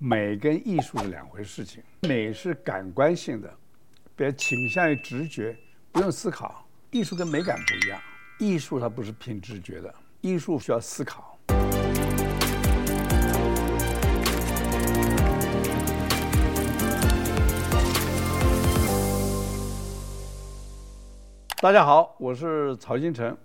美跟藝術是兩回事情，美是感官性的，比較傾向於直覺，不用思考。藝術跟美感不一樣，藝術它不是憑直覺的，藝術需要思考。大家好，我是曹興誠，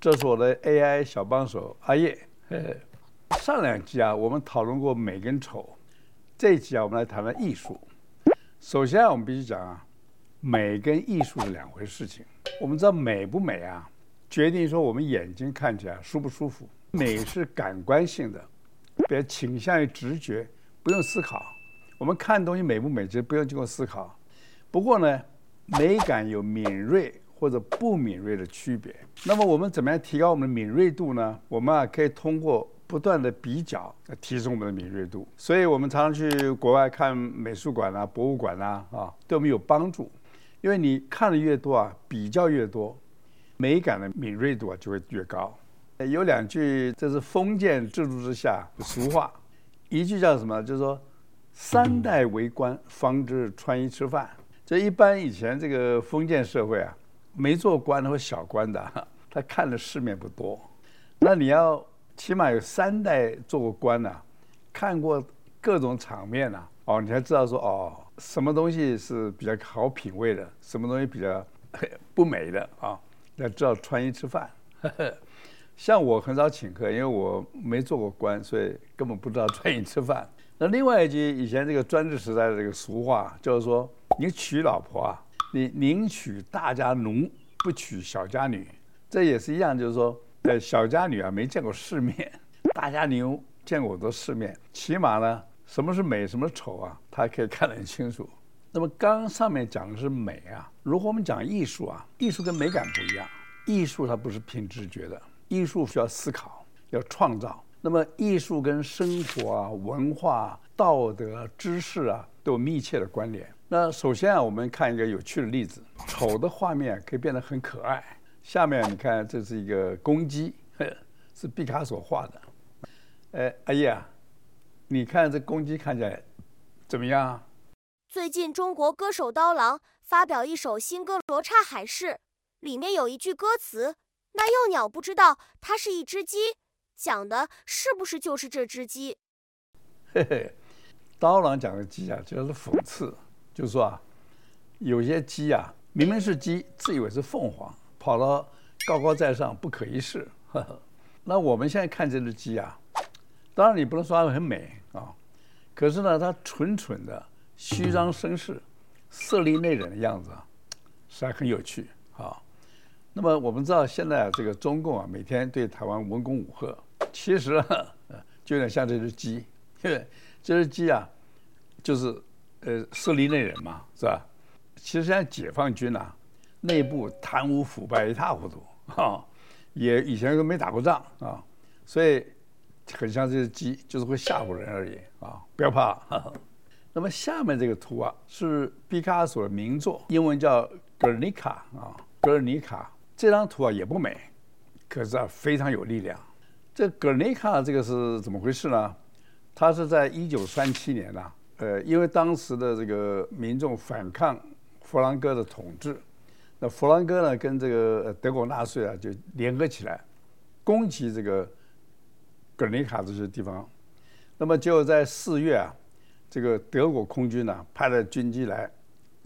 這是我的 AI 小幫手阿葉。嘿嘿上兩集啊，我們討論過美跟醜，這一集啊，我們來談談藝術。首先我們必須講啊，美跟藝術是兩回事情。情我們知道美不美啊，決定說我們眼睛看起來，啊，舒不舒服。美是感官性的，比較傾向於直覺，不用思考。我們看東西美不美，其實不用經過思考。不過呢，美感有敏銳或者不敏銳的區別。那麼我們怎麼樣提高我們的敏銳度呢？我們啊可以通過。不斷的比較，提升我們的敏銳度，所以我們常常去國外看美術館啊、博物館啊，啊，對我們有幫助。因為你看的越多啊，比較越多，美感的敏銳度啊就會越高。有兩句，這是封建制度之下俗話，一句叫什麼？就是說三代為官，方知穿衣吃飯。這一般以前這個封建社會啊，沒做官的或小官的，他看的世面不多。那你要。起碼有三代做過官吶、啊，看過各種場面吶、啊，哦，你才知道說哦，什麼東西是比較好品味的，什麼東西比較不美的啊？你才知道穿衣吃飯。 像我很少請客，因為我沒做過官，所以根本不知道穿衣吃飯。那另外一句以前這個專制時代的這個俗話，就是說：你娶老婆啊，你寧娶大家奴，不娶小家女。這也是一樣，就是說。小家女啊，沒見過世面；大家牛見過我的世面，起碼呢，什麼是美，什麼醜啊，她可以看得很清楚。那麼剛上面講的是美啊，如果我們講藝術啊，藝術跟美感不一樣，藝術它不是憑直覺的，藝術需要思考，要創造。那麼藝術跟生活啊、文化啊、道德、知識啊都有密切的關聯。那首先啊，我們看一個有趣的例子，醜的畫面可以變得很可愛。下面你看，這是一個公雞，是畢卡索畫的。哎，阿姨啊，你看這公雞看起來怎麼樣啊？最近中國歌手刀郎發表一首新歌《羅剎海市》，裡面有一句歌詞：“那又鳥不知道它是一隻雞”，講的是不是就是這隻雞？嘿嘿，刀郎講的雞啊，就是諷刺，就是說啊，有些雞啊，明明是雞，自以為是鳳凰。跑了，高高在上，不可一世。那我們現在看這隻雞啊，當然你不能說它很美啊，可是呢，它蠢蠢的，虛張聲勢、色厲內荏的樣子啊，實在很有趣啊。那麼我們知道，現在這個中共啊，每天對台灣文攻武嚇，其實、啊、就有點像這只雞。這只雞啊，就是呃，色厲內荏嘛，是吧？其實像解放軍吶、啊。內部貪污腐敗一塌糊塗啊，也以前都沒打過仗啊，所以很像這些雞，就是會嚇唬人而已啊，不要怕，啊。那麼下面這個圖啊，是畢加索的名作，英文叫《格爾尼卡》啊，《格爾尼卡》這張圖啊也不美，可是啊非常有力量。這《格爾尼卡》這個是怎麼回事呢？它是在一九三七年吶，呃，因為當時的這個民眾反抗弗朗哥的統治。那弗蘭哥呢，跟這個德國納粹啊，就聯合起來攻擊這個格爾尼卡這些地方。那麼，就在四月啊，這個德國空軍呢，派了軍機來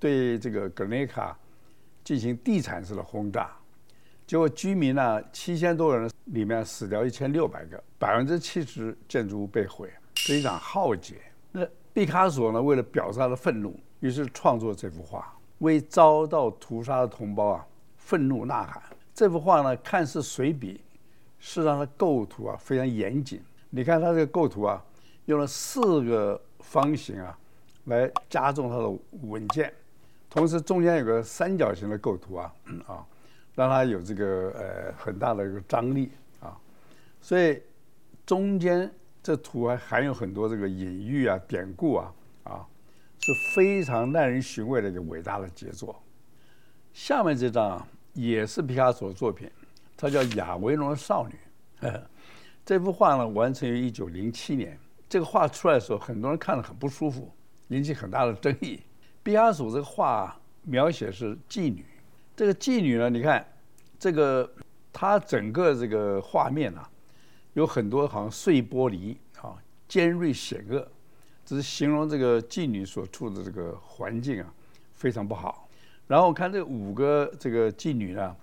對這個格爾尼卡進行地毯式的轟炸。結果居民呢，七千多人裡面死掉一千六百個70，百分之七十建築物被毀，是一場浩劫。那畢卡索呢，為了表示他的憤怒，於是創作這幅畫。為遭到屠殺的同胞啊，憤怒吶喊。這幅畫呢，看似隨筆，事實上它構圖啊非常嚴謹。你看它這個構圖啊，用了四個方形啊，來加重它的穩健。同時中間有個三角形的構圖啊，嗯、啊，讓它有這個呃很大的一個張力啊。所以中間這圖還含有很多這個隱喻啊、典故啊。是非常耐人尋味的一個偉大的傑作。下面這張也是畢加索的作品，它叫《亞維儂少女》。這幅畫呢，完成於一九零七年。這個畫出來的時候，很多人看了很不舒服，引起很大的爭議。畢加索這個畫描寫是妓女，這個妓女呢，你看這個，它整個這個畫面啊，有很多好像碎玻璃啊，尖銳險惡。只是形容這個妓女所處的這個環境啊，非常不好。然後我看這五個這個妓女呢，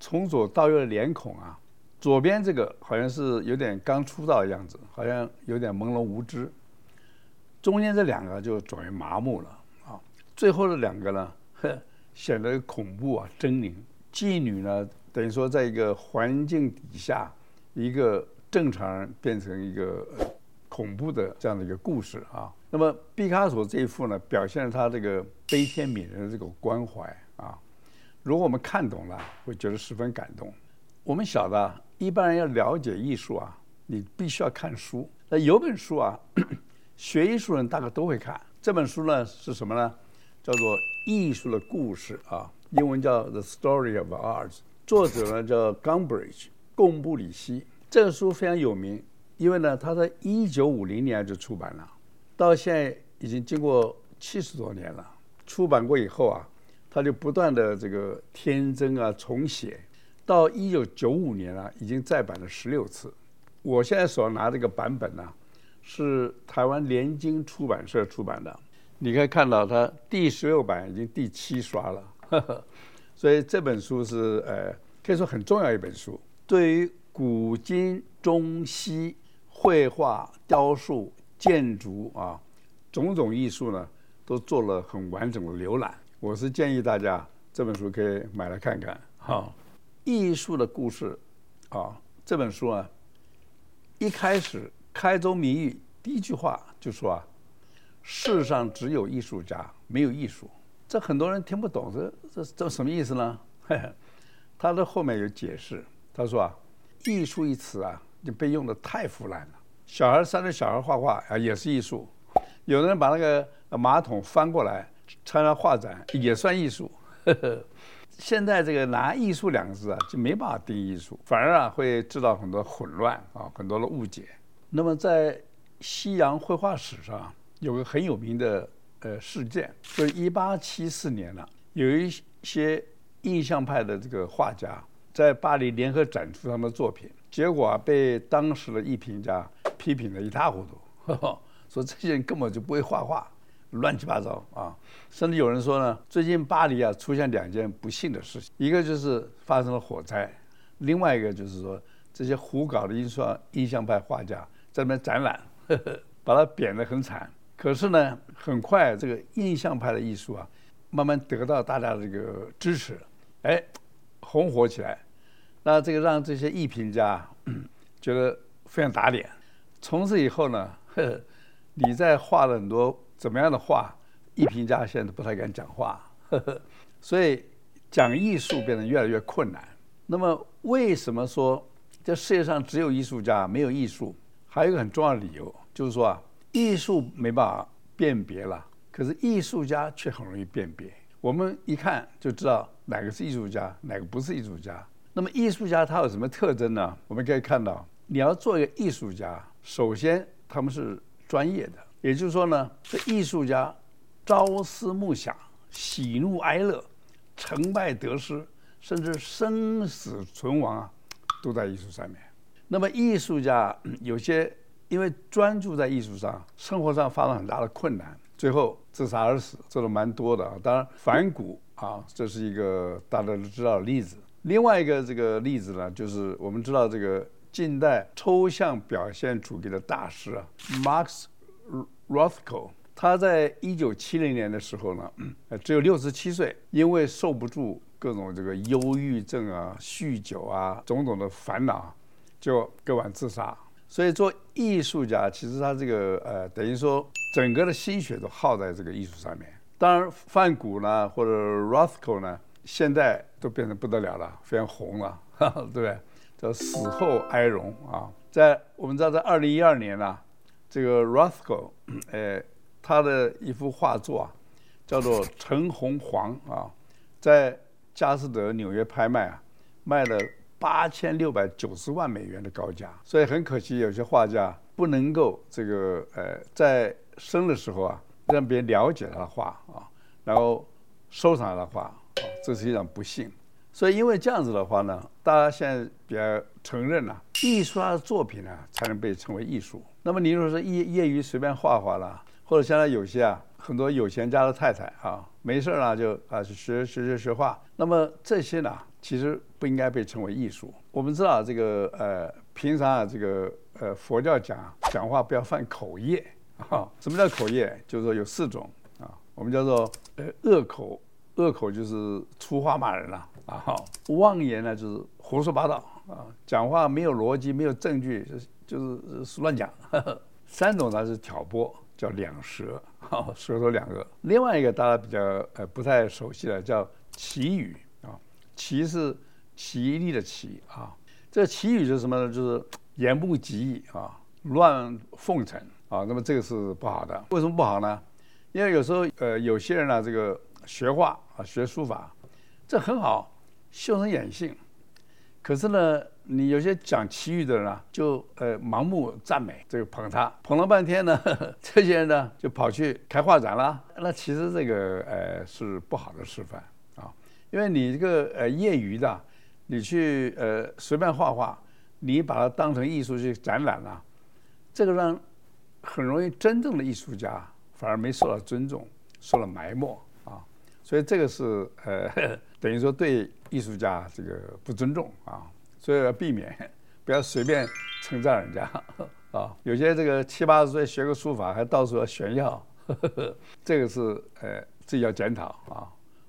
從左到右的臉孔啊，左邊這個好像是有點剛出道的樣子，好像有點朦朧無知；中間這兩個就轉為麻木了啊；最後的兩個呢，哼，顯得恐怖啊，猙獰。妓女呢，等於說在一個環境底下，一個正常人變成一個恐怖的這樣的一個故事啊，那麼畢卡索這一幅呢，表現了他這個悲天憫人的這個關懷啊。如果我們看懂了，會覺得十分感動。我們曉得一般人要了解藝術啊，你必須要看書。那有本書啊，學藝術人大概都會看。這本書呢，是什麼呢？叫做《藝術的故事》啊，英文叫《The Story of Art》，作者呢叫 Gombrich、um、貢布里希。這個書非常有名。因為呢，他在一九五零年就出版了，到現在已經經過七十多年了。出版過以後啊，他就不斷的這個添增啊、重寫。到一九九五年啊，已經再版了十六次。我現在手上拿這個版本呢、啊，是台灣聯經出版社出版的。你可以看到它，它第十六版已經第七刷了。 所以這本書是呃，可以說很重要一本書，對於古今中西。繪畫、雕塑、建築啊，種種藝術呢，都做了很完整的瀏覽。我是建議大家這本書可以買來看看哈。藝術的故事，啊，這本書啊，一開始開宗明義第一句話就說啊，世上只有藝術家，沒有藝術。這很多人聽不懂，這這這什麼意思呢？他的後面有解釋，他說啊，藝術一詞啊。就被用得太浮濫了。小孩三歲，小孩畫畫啊也是藝術。有的人把那個馬桶翻過來插上畫展，也算藝術。呵呵，現在這個拿“藝術”兩個字啊，就沒辦法定義藝術，反而啊會制造很多混亂啊，很多的誤解。那麼在西洋繪畫史上有個很有名的呃事件，就是一八七四年呢，有一些印象派的這個畫家在巴黎聯合展出他們的作品。結果啊，被當時的藝評家批評得一塌糊塗，說這些人根本就不會畫畫，亂七八糟啊！甚至有人說呢，最近巴黎啊出現兩件不幸的事情，一個就是發生了火災，另外一個就是說這些胡搞的印刷印象派畫家在那邊展覽， 把他貶得很慘。可是呢，很快這個印象派的藝術啊，慢慢得到大家的這個支持，哎，紅火起來。那這個讓這些藝評家覺得非常打臉。從此以後呢，你在畫了很多怎麼樣的畫，藝評家現在都不太敢講話，所以講藝術變得越來越困難。那麼為什麼說這世界上只有藝術家沒有藝術？還有一個很重要的理由，就是說啊，藝術沒辦法辨別了，可是藝術家卻很容易辨別，我們一看就知道哪個是藝術家，哪個不是藝術家。那麼，藝術家他有什麼特徵呢？我們可以看到，你要做一個藝術家，首先他們是專業的，也就是說呢，這藝術家朝思暮想、喜怒哀樂、成敗得失，甚至生死存亡啊，都在藝術上面。那麼，藝術家有些因為專注在藝術上，生活上發生很大的困難，最後自殺而死，這都蠻多的啊。當然，梵谷啊，這是一個大家都知道的例子。另外一個這個例子呢，就是我們知道這個近代抽象表現主義的大師啊，Mark Rothko，他在一九七零年的時候呢，只有六十七歲，因為受不住各種這個憂鬱症啊、酗酒啊種種的煩惱，就割腕自殺。所以做藝術家，其實他這個呃，等於說整個的心血都耗在這個藝術上面。當然，梵谷呢，或者 Rothko 呢，現在。都變得不得了了，非常紅了， 對哈，對？叫死後哀榮啊！在我們知道，在二零一二年呢、啊，這個 Rothko，哎、呃，他的一幅畫作啊，叫做《橙紅黃》啊，在佳士得紐約拍賣啊，賣了八千六百九十萬美元的高價。所以很可惜，有些畫家不能夠這個呃在生的時候啊，讓別人了解他的畫啊，然後收藏他的畫。這是一種不幸，所以因為這樣子的話呢，大家現在比較承認了、啊，藝術家的作品呢才能被稱為藝術。那麼你如果是業業餘隨便畫畫了，或者現在有些啊，很多有錢家的太太啊，沒事兒呢就啊學學學學畫，那麼這些呢，其實不應該被稱為藝術。我們知道這個呃，平常啊這個呃佛教講講話不要犯口業啊，什麼叫口業？就是說有四種啊，我們叫做呃惡口。惡口就是粗話罵人了啊、哦！妄言呢就是胡說八道啊，講話沒有邏輯、沒有證據，就是就是亂講。呵呵。三種呢就是挑撥，叫兩舌，哈、哦，舌頭兩個。另外一個大家比較呃不太熟悉的叫綺語啊，綺、哦、是綺麗的綺啊，這綺、個、語就是什麼呢？就是言不及義啊，亂奉承啊，那麼這個是不好的。為什麼不好呢？因為有時候呃有些人呢、啊、這個。學畫啊，學書法，這很好，修身養性。可是呢，你有些講奇遇的人啊，就呃盲目讚美，這個捧他，捧了半天呢，這些人呢就跑去開畫展了。那其實這個呃是不好的示範啊，因為你這個呃業餘的，你去呃隨便畫畫，你把它當成藝術去展覽了啊，這個讓很容易真正的藝術家反而沒受到尊重，受到埋沒。所以這個是呃，等於說對藝術家這個不尊重啊，所以要避免，不要隨便稱讚人家啊。有些這個七八十歲學個書法還到處要炫耀，這個是呃，這要檢討啊。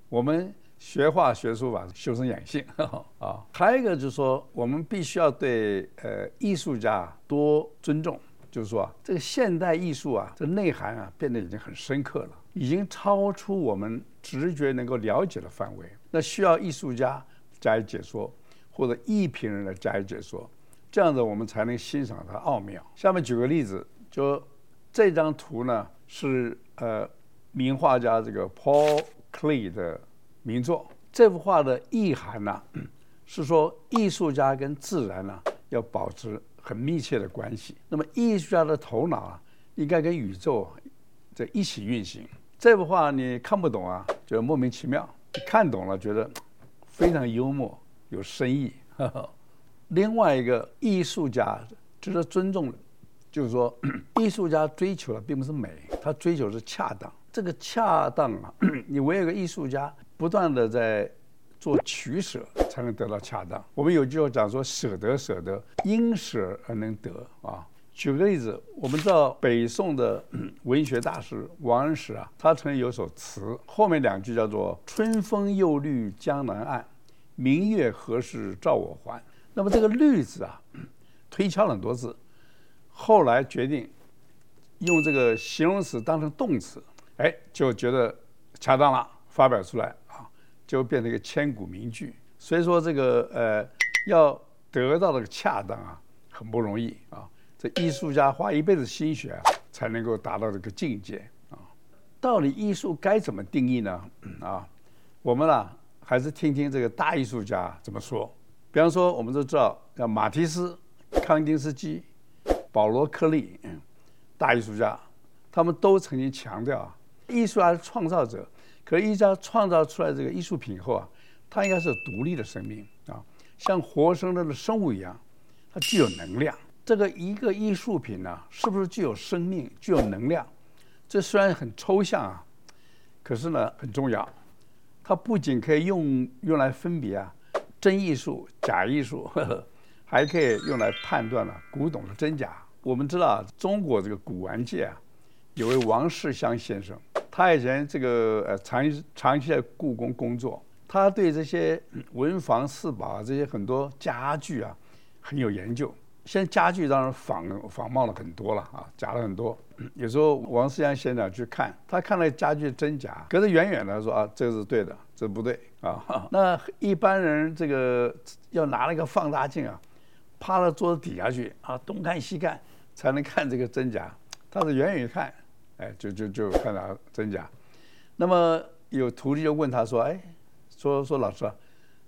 我們學畫學書法修身養性啊，還有一個就是說，我們必須要對呃藝術家多尊重。就是說這個現代藝術啊，這內涵啊變得已經很深刻了，已經超出我們。直覺能夠了解的範圍，那需要藝術家加以解說，或者藝評人來加以解說，這樣子我們才能欣賞它奧妙。下面舉個例子，就這張圖呢是呃名畫家這個 Paul Klee 的名作。這幅畫的意涵呢是說，藝術家跟自然呢要保持很密切的關係。那麼藝術家的頭腦啊應該跟宇宙在一起運行。這幅畫你看不懂啊，覺得莫名其妙，看懂了，覺得非常幽默，有深意。另外一個藝術家值得尊重，就是說，藝術家追求的並不是美，他追求的是恰當。這個恰當啊，你唯有個藝術家不斷的在做取捨，才能得到恰當。我們有句話講說：“捨得，捨得，因捨而能得啊。”舉個例子，我們知道北宋的、嗯、文學大師王安石啊，他曾經有首詞，後面兩句叫做“春風又綠江南岸，明月何時照我還”。那麼這個“綠”字啊、嗯，推敲了很多次，後來決定用這個形容詞當成動詞，哎，就覺得恰當了，發表出來啊，就變成一個千古名句。所以說，這個呃，要得到這個恰當啊，很不容易啊。這藝術家花一輩子心血啊，才能夠達到這個境界啊！到底藝術該怎麼定義呢？嗯、啊，我們啊還是聽聽這個大藝術家怎麼說。比方說，我們都知道叫馬蒂斯、康定斯基、保羅克利、嗯，大藝術家，他們都曾經強調啊，藝術家是創造者，可是藝術家創造出來這個藝術品以後啊，它應該是獨立的生命啊，像活生生的生物一樣，它具有能量。這個一個藝術品呢，是不是具有生命、具有能量？這雖然很抽象啊，可是呢很重要。它不僅可以用用來分別啊真藝術、假藝術，還可以用來判斷了、啊、古董的真假。我們知道中國這個古玩界啊，有位王世襄先生，他以前這個呃長長期在故宮工作，他對這些文房四寶、啊、這些很多家具啊，很有研究。現在家具當然仿仿冒了很多了啊，假了很多。 有時候王世襄先生去看，他看了家具真假，隔得遠遠的說啊，這是對的，這不對啊。那一般人這個要拿那個放大鏡啊，趴到桌子底下去啊東看西看才能看這個真假。他是遠遠看，哎，就就就看到真假。那麼有徒弟就問他說，哎，說說老師，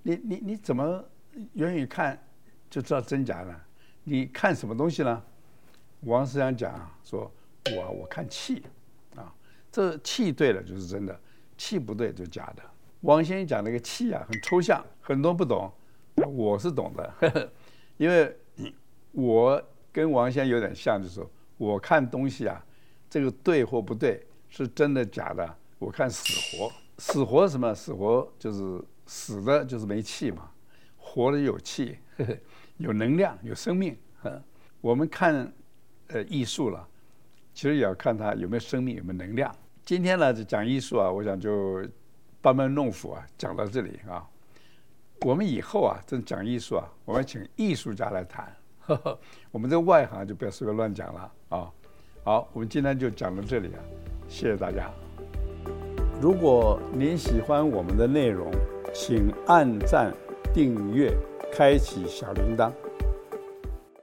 你你你怎麼遠遠看就知道真假呢？你看什麼東西呢？王世襄講啊，說我我看氣，啊，這氣對了就是真的，氣不對就是假的。王先生講那個氣啊，很抽象，很多不懂，我是懂的，因為我跟王先生有點像，就是說我看東西啊，這個對或不對，是真的假的，我看死活。死活什麼？死活就是死的，就是沒氣嘛，活的有氣。有能量，有生命，我們看，呃，藝術了，其實也要看它有沒有生命，有沒有能量。今天呢，就講藝術啊，我想就班門弄斧啊，講到這裡啊。我們以後啊，真講藝術啊，我們請藝術家來談，我們這外行就不要隨便亂講了啊。好，我們今天就講到這裡啊，謝謝大家。如果您喜歡我們的內容，請按贊訂閱。開啟小鈴鐺。